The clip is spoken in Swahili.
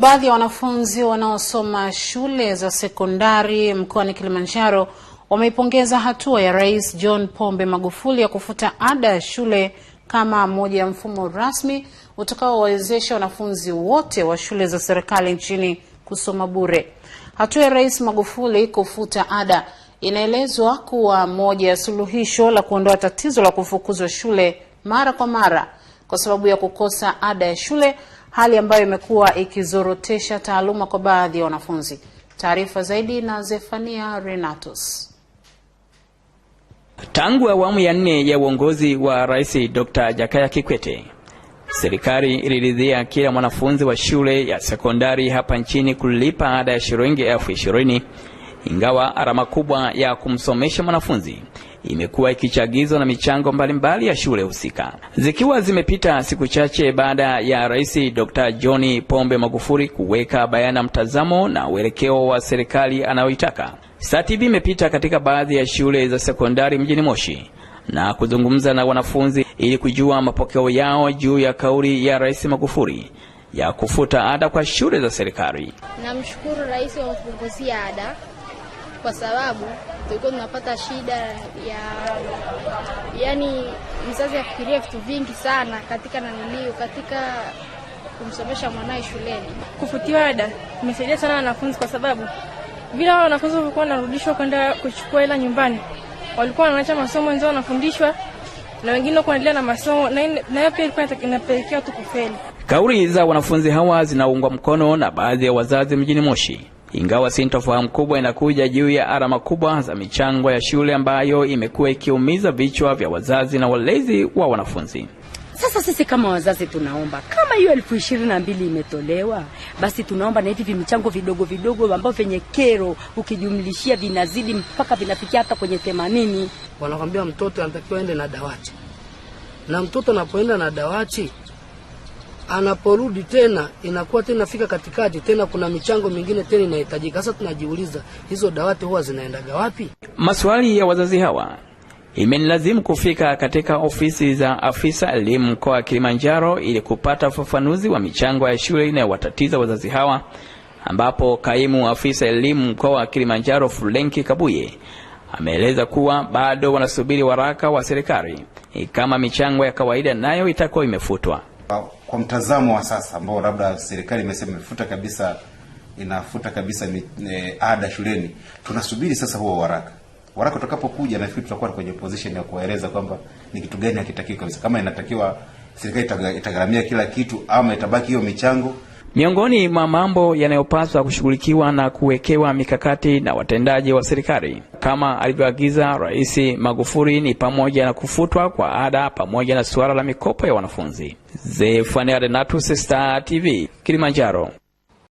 Baadhi ya wanafunzi wanaosoma shule za sekondari mkoani Kilimanjaro wameipongeza hatua ya Rais John Pombe Magufuli ya kufuta ada ya shule kama moja ya mfumo rasmi utakaowawezesha wanafunzi wote wa shule za serikali nchini kusoma bure. Hatua ya Rais Magufuli kufuta ada inaelezwa kuwa moja ya suluhisho la kuondoa tatizo la kufukuzwa shule mara kwa mara kwa sababu ya kukosa ada ya shule hali ambayo imekuwa ikizorotesha taaluma kwa baadhi ya wanafunzi. Taarifa zaidi na Zefania Renatus. Tangu awamu ya nne ya uongozi wa Rais Dr. Jakaya Kikwete, serikali iliridhia kila mwanafunzi wa shule ya sekondari hapa nchini kulipa ada ya shilingi elfu ishirini ingawa gharama kubwa ya kumsomesha mwanafunzi imekuwa ikichagizwa na michango mbalimbali mbali ya shule husika. Zikiwa zimepita siku chache baada ya Rais Dr. John Pombe Magufuli kuweka bayana mtazamo na uelekeo wa serikali anayoitaka, SATV imepita katika baadhi ya shule za sekondari mjini Moshi na kuzungumza na wanafunzi ili kujua mapokeo yao juu ya kauli ya Rais Magufuli ya kufuta ada kwa shule za serikali. Namshukuru rais wa kupunguzia ada kwa sababu tulikuwa tunapata shida ya yani, mzazi afikiria vitu vingi sana katika nanilio katika kumsomesha mwanae shuleni. Kufutiwa ada imesaidia sana wanafunzi, kwa sababu vile wao wanafunzi walikuwa wanarudishwa kwenda kuchukua hela nyumbani, walikuwa wanaacha masomo, wenzao wanafundishwa na wengine kuendelea na masomo, nayo pia ilikuwa inapelekea tu kufeli. Kauli za wanafunzi hawa zinaungwa mkono na baadhi ya wazazi mjini Moshi ingawa sintofahamu kubwa inakuja juu ya alama kubwa za michango ya shule ambayo imekuwa ikiumiza vichwa vya wazazi na walezi wa wanafunzi. Sasa sisi kama wazazi tunaomba kama hiyo elfu ishirini na mbili imetolewa basi, tunaomba na hivi vimichango vidogo vidogo ambao vyenye kero ukijumlishia vinazidi mpaka vinafikia hata kwenye themanini. Wanakwambia mtoto anatakiwa ende na dawati, na mtoto anapoenda na dawati anaporudi tena inakuwa tena fika katikati tena, kuna michango mingine tena inahitajika. Sasa tunajiuliza hizo dawati huwa zinaendaga wapi? Maswali ya wazazi hawa imenilazimu kufika katika ofisi za afisa elimu mkoa wa Kilimanjaro ili kupata ufafanuzi wa michango ya shule inayowatatiza wazazi hawa, ambapo kaimu afisa elimu mkoa wa Kilimanjaro Fulenki Kabuye ameeleza kuwa bado wanasubiri waraka wa serikali kama michango ya kawaida nayo itakuwa imefutwa. Kwa mtazamo wa sasa ambao labda serikali imesema imefuta kabisa, inafuta kabisa e, ada shuleni, tunasubiri sasa huo waraka. Waraka utakapokuja, nafikiri tutakuwa kwenye position ya kuwaeleza kwamba ni kitu gani hakitakiwi kabisa, kama inatakiwa serikali itagharamia kila kitu ama itabaki hiyo michango. Miongoni mwa mambo yanayopaswa kushughulikiwa na kuwekewa mikakati na watendaji wa serikali kama alivyoagiza Rais Magufuli ni pamoja na kufutwa kwa ada pamoja na suala la mikopo ya wanafunzi. Zefania Renatus, Star TV, Kilimanjaro.